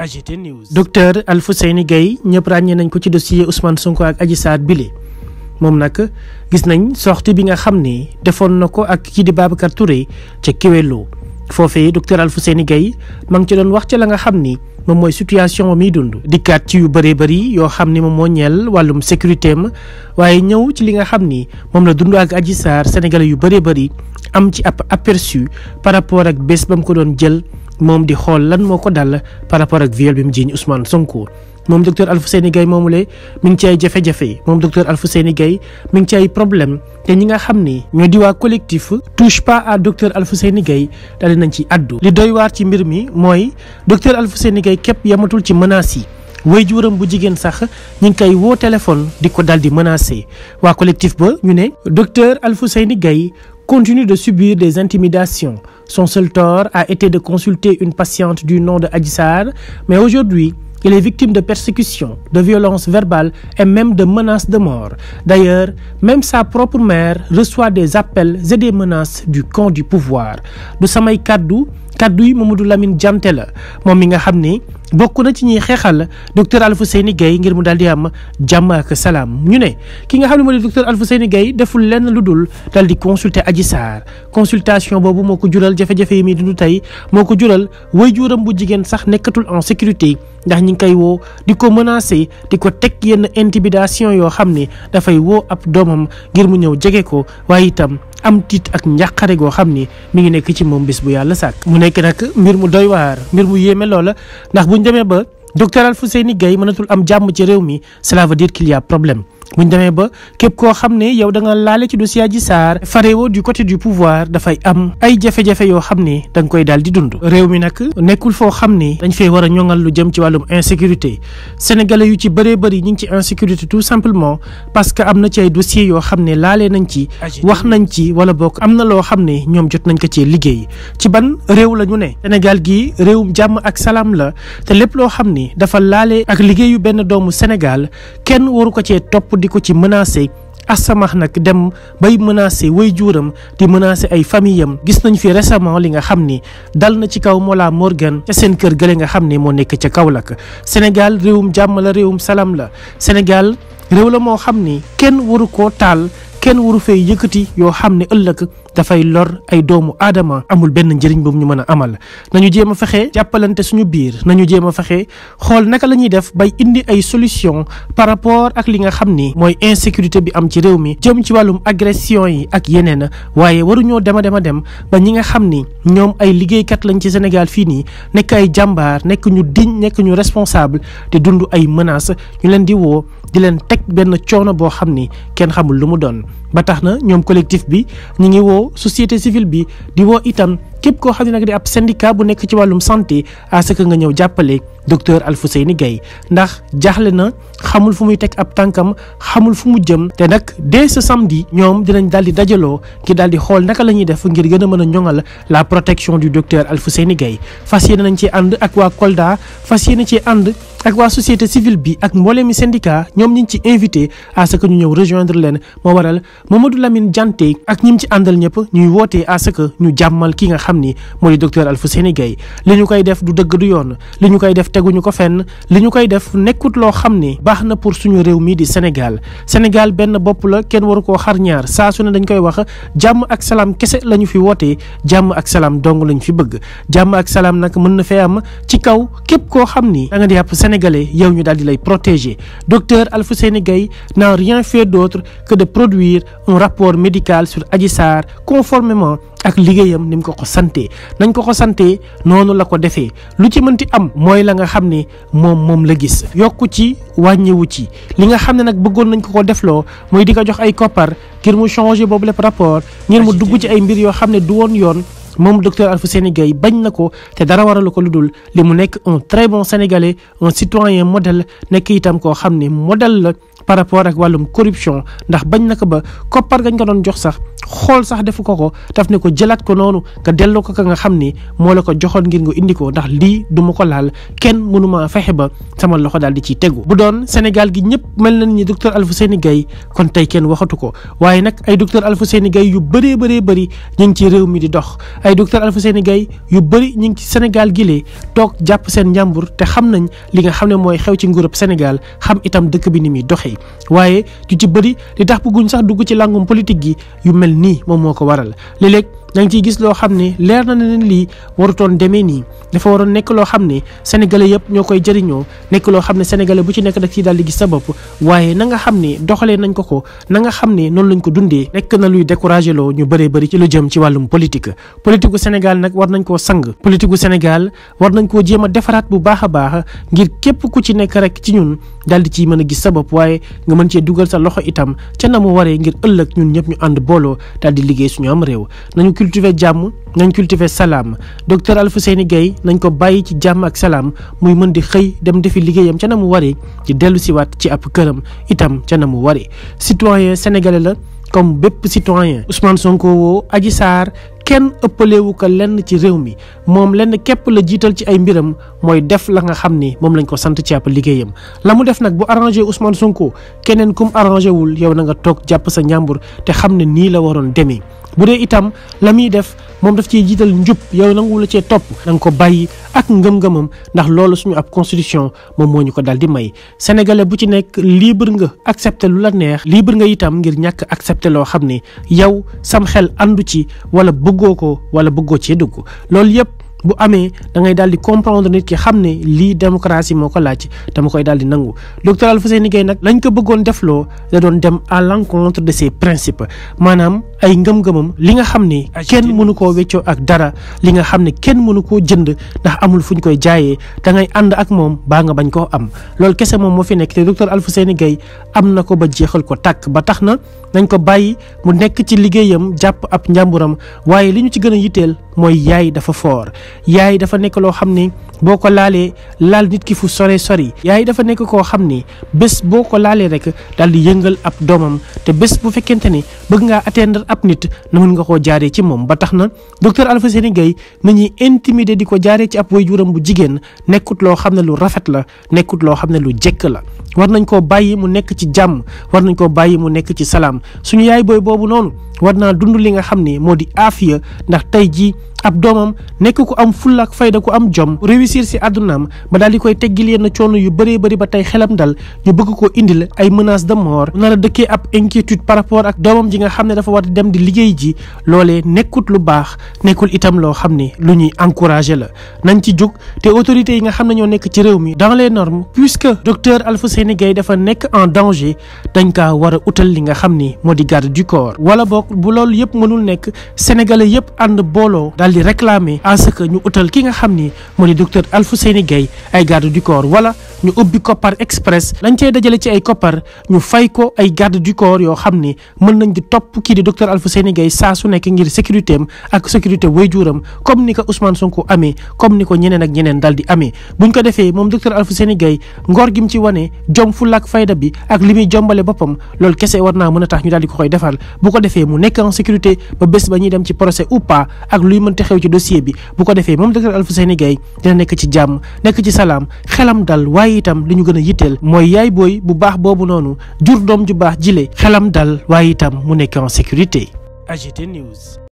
AGT News. docteur Alfouseyni Gaye ñëpp ràññee nañ ko ci dossier Ousmane Sonko ak Adji Sarr bile moom nag gis nañ sortie bi nga xam ne defoon na ko ak kii di Babacar ture ca Keweloo foofee docteur Alfouseyni Gaye ma ngi ci doon wax ca la nga xam ni moom mooy situation mi muy dund. dikkaat ci yu bëree bëri yoo xam ni moom moo ñeel wàllum sécurité am waaye ñëw ci li nga xam ni moom la dund ak Adji Sarr sénégalais yu bëree bëri am ci aperçu par rapport ak bés ba mu ko doon jël. moom di xool lan moo ko dal par rapport ak viol bi mu jiiñ Ousmane Sonko moom docteur Alfousseyni Gaye moomule mi ngi ci ay jafe-jafe moom docteur Alfousseyni Gaye mi ngi ci ay problème te ñi xam ni ñoo di waa collectif touche pas à docteur Alfousseyni Gaye daal nañ ci addu li doy waar ci mbir mi mooy docteur Alfousseyni Gaye képp yamatul ci menaces yi way juram bu jigéen sax ñu ngi koy woo téléphone di ko dal di menacé waa collectif ba ñu ne docteur Alfousseyni Gaye continue de subir des intimidations. Son seul tort a été de consulter une patiente du nom de Adji mais aujourd'hui, il est victime de persécutions, de violences verbales et même de menaces de mort. D'ailleurs, même sa propre mère reçoit des appels et des menaces du camp du pouvoir. du samay kàddu kàddu yi Mamadou Lamine Diante la moom mi nga xam ni bokk na ci ñuy xeexal docteur Alfousseyni Gaye ngir mu daal di am jàmm ak salaam ñu ne ki nga xam ne moo di docteur Alfousseyni gay deful lenn lu dul daal di consulter Adji Sarr consultation boobu moo ko jural jafe-jafe yi muy dund tey moo ko jural waajuram bu jigéen sax nekkatul en sécurité ndax ñi ngi koy woo di ko menacer di ko teg yenn intimidation yoo xam ne dafay woo ab doomam ngir mu ñëw jege ko waaye itam am tiit ak njàqare goo xam ni mi ngi nekk ci moom bis bu yàlla sàkk mu nekk nag mbir mu doy waar mbir mu yéeme loola ndax buñ demee ba docteur Alfouseyni Gaye mënatul am jàmm ci réew mi cela veut dire qu'il y a buñ demee ba képp koo xam ne yow da nga laale ci dossier Adji Sarr farewoo du côté du pouvoir dafay am ay jafe-jafe yoo xam ne da koy daal di dund réew mi nag nekkul foo xam ne dañ fee war a ñoŋal lu jëm ci wàllum insécurité sénégale yu ci bëree bëri ñu ngi ci insécurité tout simplement parce que am na ci ay dossiers yoo xam ne laale nañ ci wax nañ ci wala bokk am na loo xam ne ñoom jot nañ ko cee liggéey ci ban réew la ñu ne Sénégal gi réewum jàmm ak salaam la te lépp loo xam ne dafa laale ak liggéeyu benn doomu Sénégal di ko ci menacer Asamax nag dem bay menacer way juuram di menacer ay famille am gis nañu fi récemment li nga xam ni dal na ci kaw Mollah Morgan ca seen kër gële nga xam ni moo nekk ca Kaolack Sénégal réewum jàmm la réewum salaam la Sénégal réew la moo xam ni kenn waru koo taal kenn waru fee yëkkati yoo xam ne ëllëg dafay lor ay doomu aadama amul benn njëriñ boobu ñu mën a amal nañu jéem a fexe jàppalante suñu biir nañu jéem a fexe xool naka la ñuy def bay indi ay solution par rapport ak li nga xam ni mooy insécurité bi am ci réew mi jëm ci wàllum agression yi ak yeneen waaye waruñoo dem a dem a ba ñi nga xam ni ñoom ay liggéeykat lañ ci Sénégal fii nii nekk ay jàmbaar nekk ñu diñ nekk ñu responsable te dundu ay menaces ñu leen di woo di leen teg benn coono boo xam ni kenn xamul lu mu doon woo société civile bi di woo itam képp koo xam ne nag di ab syndicat bu nekk ci wàllum santé à ce nga ñëw jàppale docteur Alfousseyni Gaye ndax jaaxle na xamul fu muy teg ab tànkam xamul fu mu jëm te nag dès ce samedi ñoom dinañ daal di dajaloo ngir daal di xool naka la ñuy def ngir gën a mën a ñoŋal la protection du docteur Alfousseyni Gaye fas yéene nañ ci ànd ak waa Kolda fas na ci ànd ak waa société civile bi ak mbooleemi syndicat ñoom ñi ngi ci invité à ce que ñu ñëw rejoindre leen moo waral Mamadou Lamine Diante ak ñi ci àndal ñëpp ñuy wootee à que ñu jàmmal ki nga xam ni moo di docteur Alfousseyni Gaye li ñu koy def du dëgg du yoon li ñu koy def teguñu ko fenn li ñu koy def nekkut loo xam ni baax na pour suñu réew mii di Sénégal Sénégal benn bopp la kenn waru koo xar ñaar saa su ne dañ koy wax jàmm ak salaam kese la ñu fi wootee jàmm ak salaam dong lañ fi bëgg jàmm ak salaam nag mën na fee am ci kaw képp koo xam sénégalais yow ñu daal di lay protéger docteur Alfousseyni Gaye n'a rien fait d'autre que de produire un rapport médical sur Adji Sarr conformément ak liggéeyam ni mu ko ko sante nañ ko ko sante noonu la ko defee lu ci mënti am mooy la nga xam ne moom moom la gis yokk ci wàññiwu ci li nga xam ne nag bëggoon nañ ko ko defloo mooy di ko jox ay koppar ngir mu changé boobu lépp rapport ngir mu dugg ci ay mbir yoo xam ne du woon yoon moom docteur Alfousseyni Gaye bañ na ko te dara waralu ko lu dul li mu nekk un très bon sénégalais un citoyen modèle nekk itam koo xam ne modèle la par rapport ak wàllum corruption ndax bañ na ko ba koppar gañ ko doon jox sax xool sax defu ko ko def ne ko jëlaat ko noonu nga delloo ko ka nga xam ni moo la ko joxoon ngir nga indi ko ndax lii du ma ko laal kenn mënuma fexe ba sama loxo daal di ciy tegu. bu doon Sénégal gi ñëpp mel nañ ni docteur Alfousseyni Gaye kon tey kenn waxatu ko waaye nag ay docteur Alfousseyni Gaye yu bëree bëree bëri ñu ngi ci réew mi di dox ay docteur Alfousseyni gay yu bëri ñu ngi ci Sénégal gilee toog jàpp seen njàmbur te xam nañ li nga xam ne mooy xew ci nguurub Sénégal xam itam dëkk bi ni muy doxe waaye yu ci bëri li tax bëgguñ sax dugg ci langum politique gi yu mel mel nii moom moo ko waral léeg da nga ciy gis loo xam ne leer na ne lii warutoon demee nii dafa waroon nekk loo xam ne sénégalais yëpp ñoo koy jëriñoo nekk loo xam ne sénégalais bu ci nekk da ciy daal di gis sa bopp waaye na xam ne doxalee nañ ko ko na nga xam ne noonu lañ ko dundee nekk na luy découragé loo ñu bëree bëri ci lu jëm ci wàllum politique politique gu Sénégal nag war nañ koo sang politique gu Sénégal war nañ koo jéem a defaraat bu baax a baax ngir képp ku ci nekk rek ci ñun daal di ciy mën a gis sa bopp waaye nga mën cee dugal sa loxo itam ca na mu waree ngir ëllëg ñun ñëpp ñu ànd booloo daal di liggéey suñu am réew cultiver jàmm nañ cultiver salaam docteur Alfousseyni Gaye nañ ko bàyyi ci jàmm ak salaam muy mën di xëy dem defi liggéeyam ca na mu waree ci dellu siwaat ci ab këram itam ca na mu waree citoyen sénégalais la comme bépp citoyen Ousmane Sonko woo Adji Sarr kenn ëppalewu ko lenn ci réew mi moom lenn képp la jiital ci ay mbiram mooy def la nga xam ni moom lañ ko sant ci ab liggéeyam la mu def nag bu arrangé Ousmane Sonko keneen kum arrangé wul yow na nga toog jàpp sa njàmbur te xam ne nii la waroon demee bu dee itam la muy def moom daf cee jiital njub yow la cee topp da ko bàyyi ak ngëm-ngëmam ndax loolu suñu ab constitution moom moo ñu ko dal di may sénégalais bu ci nekk libre nga accepter lu la neex libre nga itam ngir ñàkk accepter loo xam ne yow sam xel àndu ci wala bëggoo ko wala bëggoo cee dugg loolu yëpp bu amee da ngay di comprendre nit ki xam ne lii démocratie moo ko laaj dama koy daal di nangu docteur Alfousseyni Gaye nag lañ ko bëggoon defloo da doon dem à l'encontre de ses principes maanaam ay ngëm-ngëmam li nga xam ne kenn mënu koo weccoo ak dara li nga xam ne kenn mënu koo jënd ndax amul fu ñu koy jaayee da ànd ak moom baa nga bañ koo am loolu kese moom moo fi nekk te docteur Alfousseyni Gaye am na ko ba jeexal ko tàkk ba tax na nañ ko bàyyi mu nekk ci liggéeyam jàpp ab njàmburam waaye li ñu ci gën a yitteel mooy yaay dafa fort yaay dafa nekk loo xam ne boo ko laalee laal nit ki fu sore sori yaay dafa nekk koo xam ni bés boo ko laalee rek daal di yëngal ab doomam te bés bu fekkente ni bëgg ngaa atteindre ab nit na mën nga koo jaaree ci moom ba tax na docteur Alfousseyni Gaye na ñuy intimider di ko jaaree ci ab waajuram bu jigéen nekkut loo xam ne lu rafet la nekkut loo xam ne lu jekk la war nañ koo bàyyi mu nekk ci jàmm war nañ koo bàyyi mu nekk ci salaam suñu yaay booy boobu noonu war naa dund li nga xam ne moo di aafiya ndax tey jii ab doomam nekk ku am fulla ak fayda ku am jom réussir si àddunaam ba daal di koy teggil yenn coono yu bëree bëri ba tey xelam dal ñu bëgg ko indi indil ay menaces de mort nar a dëkkee ab inquiétude par rapport ak doomam ji nga xam ne dafa war di dem di liggéey ji loole nekkut lu baax nekkul itam loo xam ne lu ñuy encouragé la nañ ci jug te autorités yi nga xam ne ñoo nekk ci réew mi dans les normes puisque docteur Alfousseyni Gaye dafa nekk en danger dañ kaa war a utal li nga xam ni moo di garde du corps wala boog bu loolu yëpp mënul nekk sénégalais yëpp ànd booloo daal di réclamer à ce que ñu utal ki nga xam ni moo di docteur seeni Gaye ay garde du corps wala ñu ubbi koppar express lañ cey dajale ci ay koppar ñu fay ko ay garde du corps yoo xam ni mën nañ di topp kii di docteur Alfousseyni Gaye saa su nekk ngir sécurité am ak sécurité waajuram comme ni ko Ousmane Sonko amee comme ni ko ñeneen ak ñeneen daal di amee buñ ko defee moom docteur seeni Gaye ngor gi mu ci wane jom fulla ak fayda bi ak li muy jombale boppam loolu kese war naa mën a tax ñu daal di ko koy defal nekk en sécurité ba bés ba ñuy dem ci procès ou pas ak luy mënti xew ci dossier bi bu ko defee moom docteur Alfouseyni Gaye dina nekk ci jàmm nekk ci salaam xelam dal waaye itam li ñu gën a yitteel mooy yaay booy bu baax boobu noonu jur doom ju baax jile xelam dal waaye itam mu nekk en sécurité AGT News